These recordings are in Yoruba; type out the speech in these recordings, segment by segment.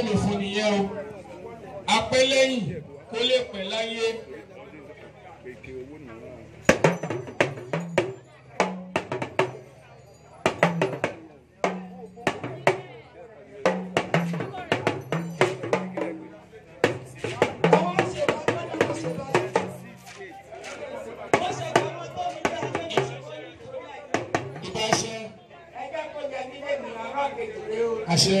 tèmi fún nìyẹn o apẹ́lẹ́yìn kó lè pẹ́ láyé. Àṣẹ.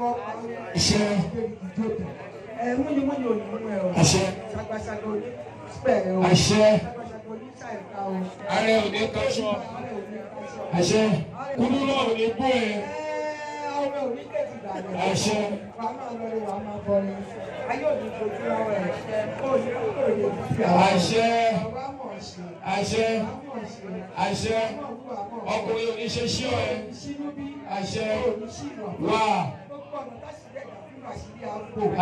Àṣẹ. Ẹ múnyìmúnyì ò ní mú ẹ o. Àṣẹ. Ṣàgbàṣàgbà ò ní pẹ̀ o. Àṣẹ. Ṣàgbàṣàgbà ò ní ṣàìka o. Ààrẹ ò ní tọ́ṣọ. Àṣẹ. Kúndú náà ò ní bú ẹ. Ọ̀rẹ́ ò ní tẹ̀sí ìgbàlẹ̀. Àṣẹ. Wà á máa lọrí wà á máa bọ̀rin. Ayé ò ní fojú ọwọ́ ẹ̀. Kó o ní kó o lè fi àwọn. Àṣẹ. Àṣẹ. Àṣẹ. Ọkùnrin ò ní ṣe ṣí ọ ẹ. Àṣẹ. Wà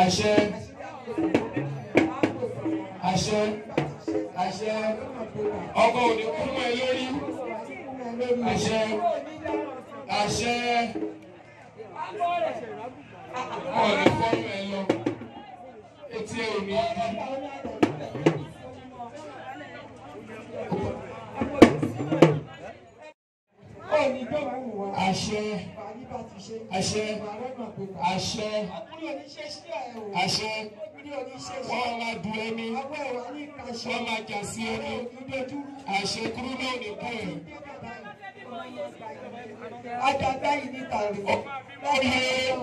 àṣẹ àṣẹ àṣẹ ọkọ òní kún mọ́ ẹ lórí àṣẹ àṣẹ ọkọ òní kún mọ́ ẹ lọ etí ẹ òní. àṣẹ àṣẹ àṣẹ àṣẹ wọ́n máa du ẹni wọ́n máa jà sí ẹni àṣẹ kúrú náà ní bú ẹ. Adada yìí ní tàrí. Oyè o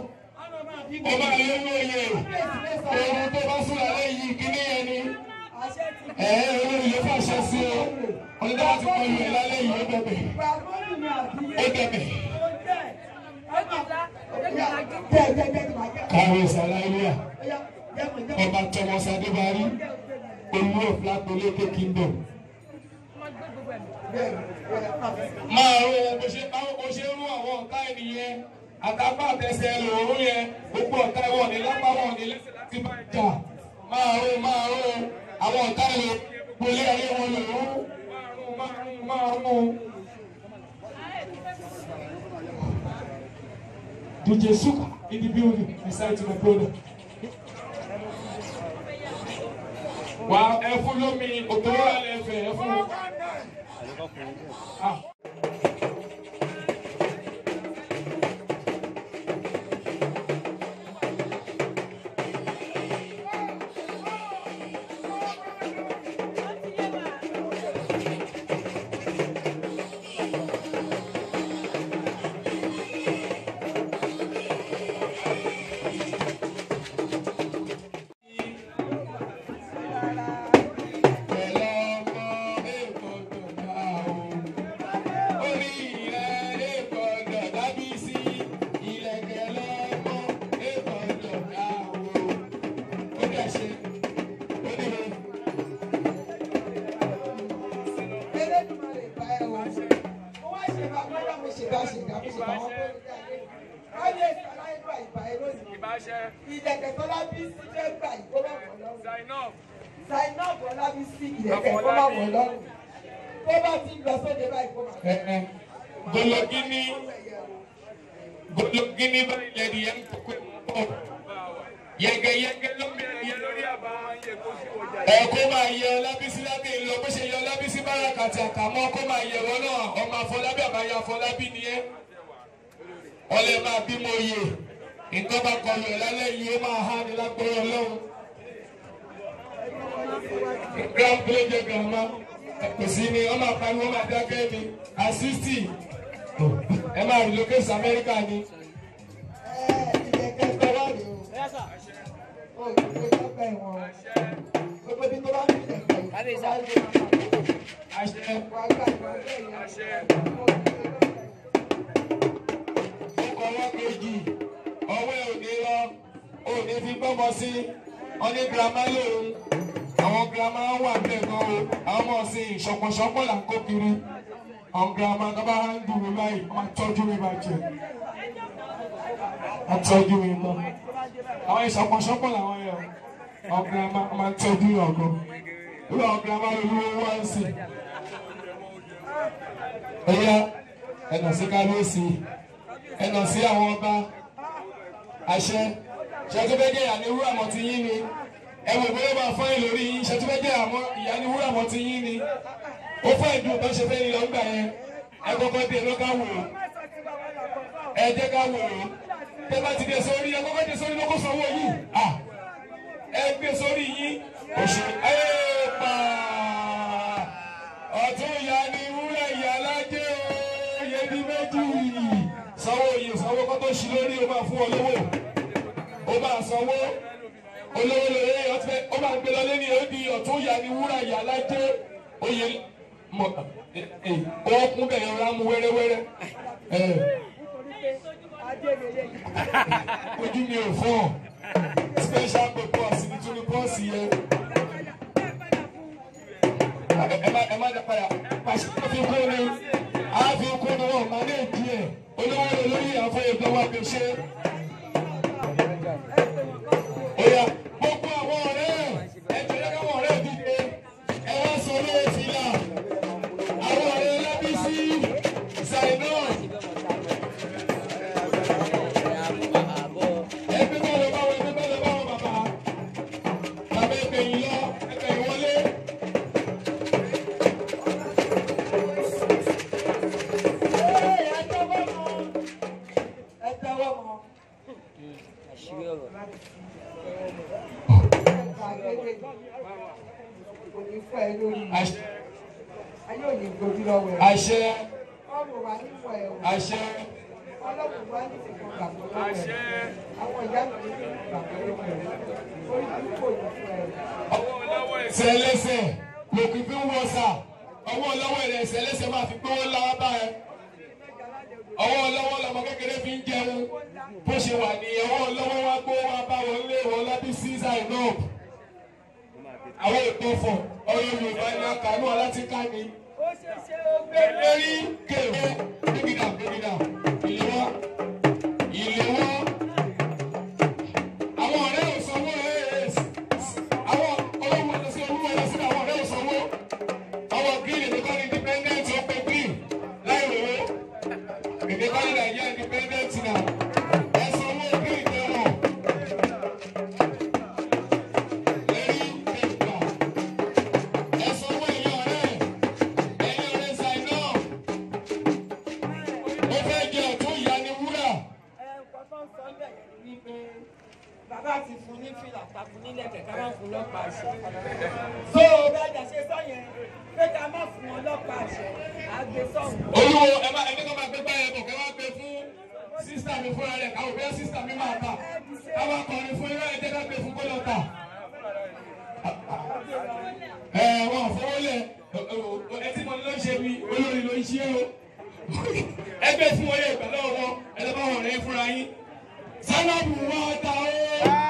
máa lé ní oyè ohun tó bá fún ẹ yìí kíní yẹn ni. Ẹ̀ẹ́ olórí yóò fàṣẹ sí ọ. Ọjọ́ àti kọlu ẹ̀ lálẹ́ yìí ó bẹ̀bẹ̀ káwé sàlàyé ọba Thomas Adébárí olú òfin Apeléke kingdom máa ro bó ṣe báwo bó ṣe rú àwọn ọ̀tá ènìyàn àtàpá àtẹsẹ̀ lòórùn yẹn gbogbo ọ̀tá ẹ̀wọ̀n ní lápá wọn ní lẹ́sẹ̀ láti máa jà máa ro máa ro àwọn ọ̀tá ẹ̀lò kò lé ayé wọn lòórùn. DJ Suk in the building beside my brother. Wa I follow me, òtòrò àlẹ́ ẹ̀fẹ̀ ẹ fún. Zainab Ọlábísí ìrẹ̀kẹ́ kó má wọ̀ lọ́rùn. Tó bá ti lọ sóde báyìí kó má wọ̀. Gologini Gologini báyìí lẹ́nu yẹn ń kókó pọ̀. Yẹ̀gẹ̀yẹ̀gẹ̀ ló mi ẹ̀yẹ lórí àbá yẹ kó sí ọjà. Ẹ kó máa yẹ Ọlábísí lábẹ́ ìlú bó ṣe yẹ Ọlábísí bára kàtì àkàmọ́ kó máa yẹ wọ́n náà ọmọ Afọlábí àbáyé Afọlábí nìyẹn. Ọlẹ́ máa bímọ oyè nǹkan bá kọlu ẹ̀ lálẹ́ yìí ó máa há ni lágbóyè Ọlọ́run gbàgbélé gàmá kòsí ni wọ́n máa pariwo wọ́n máa dákẹ́ ni asisti ẹ máa relocate Amẹ́ríkà ni. Ọkọ̀ wọn kejì, ọwọ́ ẹ̀ ò ní lọ, ò ní fi gbọ́mọ sí, ọ ní girama lóhùn àwọn girama wà bẹ́ẹ̀ gan o àwọn ọmọ ọ̀sìn ìṣọ̀pọ̀ṣọ̀pọ̀ là ń kó kiri àwọn girama tó bá ń dùn mí báyìí máa tọ́jú mi máa jẹ máa tọ́jú mi mọ́ àwọn ìṣọ̀pọ̀ṣọ̀pọ̀ làwọn yẹn àwọn girama máa tọ́jú yàn gan ìwé àwọn girama lórí owó wá ń sìn ẹ̀yà ẹ̀nà sí kábíyèsí ẹ̀nà sí àwọn ọba àṣẹ ṣẹ́gbẹ́gẹ́ àníwú àmọ̀tí yín ni ẹ wò bóyá bá fáyín lórí yín ṣètúbẹ́dẹ́ àmọ́ ìyá ni wúrà mọ́ ti yín ni ó fáyín dùn bá ṣe fẹ́ ní lọ́gbà yẹn ẹ kọ́kọ́ dé ló ká wò ó ẹ jẹ́ ká wò ó tẹ́ bá ti dé sórí ẹ kọ́kọ́ dé sórí lóko sanwó yìí à ẹ gbé sórí yín oṣù ẹ pa ọ̀tún ìyá ni wúrà ìyá alájẹ ó yẹ ní méjì sanwó yìí sanwó kọ́tọ́ sí lórí ó máa fún ọ lówó ó máa sanwó olówó lóye ọtí ọba àgbélọlé ni ó di ọ̀tún ni wúrà ìyá lájẹ oyè mọ ọ kún bẹ̀rẹ̀ ọ̀rá mu wẹ́rẹ́wẹ́rẹ́ ojú mi ò fọ́ special purpose ní tún ní pọ́ọ̀sì yẹn ẹ má ẹ má dá padà pàṣẹ fi kú ni a fi kú ni wọn máa ní ìdí ẹ olówó lóye àfọyẹ̀gbọ́n wa fi Oh yeah. àṣẹ àṣẹ ọlọ́run wa ní ìfọ̀ gbàgbọ́ lọ́wọ́ ẹ̀ àwọn ìyá mi ọwọ́ ọlọ́wọ́ ẹ̀sẹ̀ ẹlẹ́sẹ̀ lòkì fi ń wọ sà ọwọ́ ọlọ́wọ́ ẹ̀rẹ̀ ẹlẹ́sẹ̀ máa fi gbówó láwá bá ẹ. ọwọ́ ọlọ́wọ́ lọmọ kékeré fi ń jẹun bó ṣe wà ní ọwọ́ ọlọ́wọ́ wá gbówó wá bá wọlé wọlá bí caesar enough àwọn ìpọ̀fọ̀ ọ̀rọ̀ Yorùbá a kà ní ọlá ti ká ni. ó ṣe ṣe ó gbé lórí. wípé bàbá ti fún ní fìlà takùn nílẹ̀ kẹ̀kẹ́ máa fún lọ́pàá àṣẹ. tó o bá jà ṣe sọ yẹn pé ká má fún wọn lọ́pàá àṣẹ àgbẹ̀ sọ̀hún. olúwo ẹ bá ẹgbẹ́ kan máa gbé báyẹn bọ̀ kẹ́ wá gbé fún sísítà mi fúnra rẹ̀ káwọn bẹ́ẹ̀ sísítà mi máa ta káwọn akọrin fún irọ́ ẹ̀jẹ̀ ká gbé fún kọ́lọ́ ta. ẹ wọn àfọwọ́lẹ̀ ẹtí mo ní ló ń ṣe mi olórí ló ń ṣe é o ẹgbẹ́ fún wọn ẹ Salam Rata.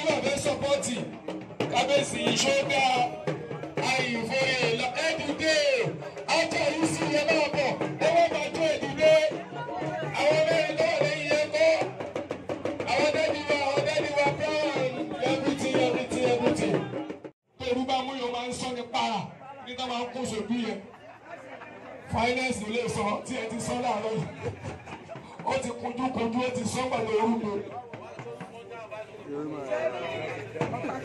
ẹ̀yin náà fẹ́ sọ́pọ́tì kábíyèsí ìṣọ́dá àyìnfòye ẹ̀dùdé ajá yìí sì yẹ náà bọ̀ owó máa tó ẹ̀dùdé àwọn mẹ́rin náà lè yẹ kọ́ àwọn dẹ́bi wa àwọn dẹ́bi wa brown everything everything everything. pẹ̀lú bá mú yóò máa ń sọ ní para nígbà máa ń kó sòdú yẹn finance ló lè sọ tí ẹ ti sọ láàárọ̀ yìí ó ti kunjú kunjú ó ti sọ pẹ̀lú orúkọ. Turma.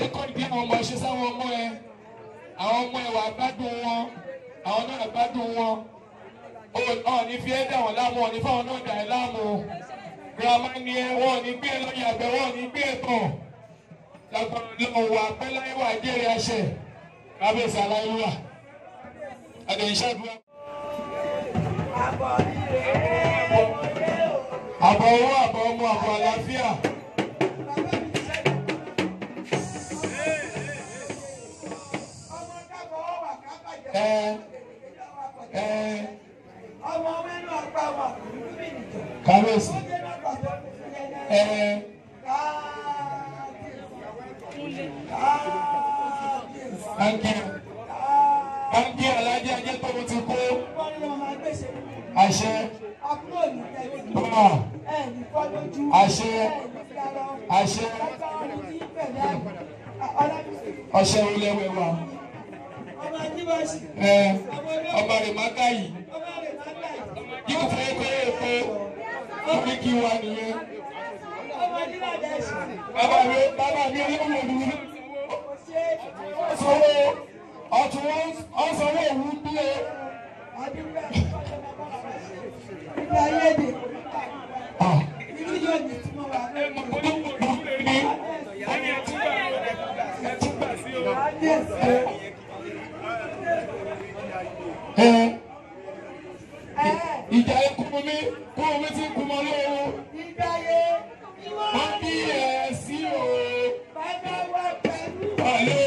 ní kọ́ńdé àwọn ọmọ ṣe sáwọn ọmọ ẹ àwọn ọmọ ẹ wà gbádùn wọn àwọn náà gbádùn wọn ọ̀ọ́ni fi ẹ́ dà wọ́n láàmú ọ̀ọ́ni fáwọn náà dà ẹ́ láàmú girama ni ẹ wọ́n ní gbé lọ́yà bẹ́ wọ́n ní gbé tán lágbára lọ́wọ́ apẹ́láyé wà jẹ́rìí ẹsẹ̀ lábẹ́ ìsàlàyé wà àdéhìṣàdúrà. àbọ̀ owó àbọ̀ ọmọ àbọ̀ àlàáfíà. ọmọ mẹ́nu ọgbà wà tó mo ti kó. àṣẹ. tọ́lá. àṣẹ. àṣẹ. ọ̀ṣẹ́ ilé wẹ̀ wá. Eh, ọba rẹ̀ má ká yìí yóò fẹ́ pé èpo omi kí wa nìyẹn. bàbá mi bàbá mi olóòwò mi sọ̀rọ̀ ọ̀tún ọ̀sọ̀rọ̀ òwú bí Yes ìjà ìkúnmọ́lé kó omi ti kúnmọ́ lọ́wọ́. ìgbà yẹn ni wọ́n á bí ẹ̀ sí o. bàbá wa pẹ̀lú.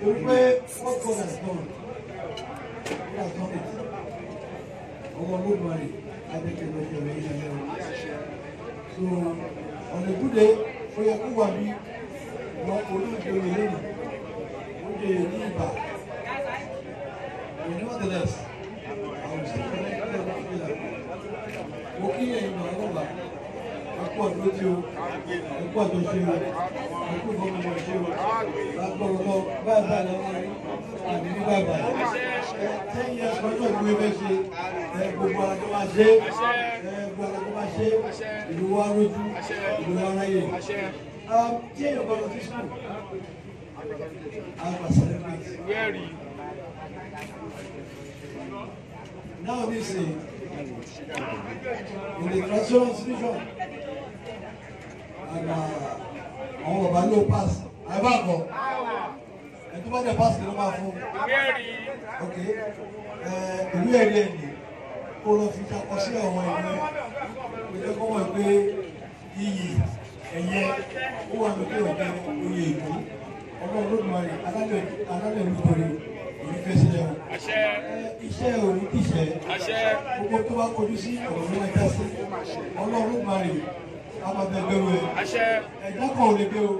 torí pé what God has done God has done it ọmọ olódùmarè adékèké ọjọ́ rẹ̀ yíyan lẹ́wọ̀ so ọ̀nà ìbúdé ó yẹ kó wà ní ìwà olóògbé rẹ̀ lẹ́nu ó dé ní ìbà but nevertheless àwọn ìṣẹ́ ìfẹ́ ìfẹ́ ìfẹ́ ìfẹ́ mo kí ẹ̀yin màá lọ́ba ẹ̀kú àdúró tí o ẹ̀kú àjọṣe o ẹ̀kú ìfọwọ́mọ ṣe o ten years kọjú òkú ẹgbẹ́ ṣe ẹ gbogbo ara tó bá ṣe ẹ gbogbo ara tó bá ṣe ìlú wa rojú ìlú wa ráyè tí èèyàn gbọdọ̀ sí sùn àgbà Now this in the traditional institution àgbà àwọn bàbá ló pass àbá kan ẹtú bá dẹ̀ pásítì ló máa fún ok eh, ìwé ẹ̀rí ẹ̀dì kó lọ fi kakọ sí àwọn ìwé ìwé kọ́ wọ́n pé iyì ẹ̀yẹ ó wà lókè ọ̀gá oyè ìlú ọgbọ́n olódùmarè alálẹ̀ ìlú torí ìfẹsílẹ̀ o. iṣẹ́ òní kìṣẹ́ gbogbo tó bá kojú sí ọ̀rọ̀ ló máa dá sí ọlọ́run olódùmarè amabẹ́gbẹ́rù ẹ̀ ẹ̀dá kan ò lè gbé o.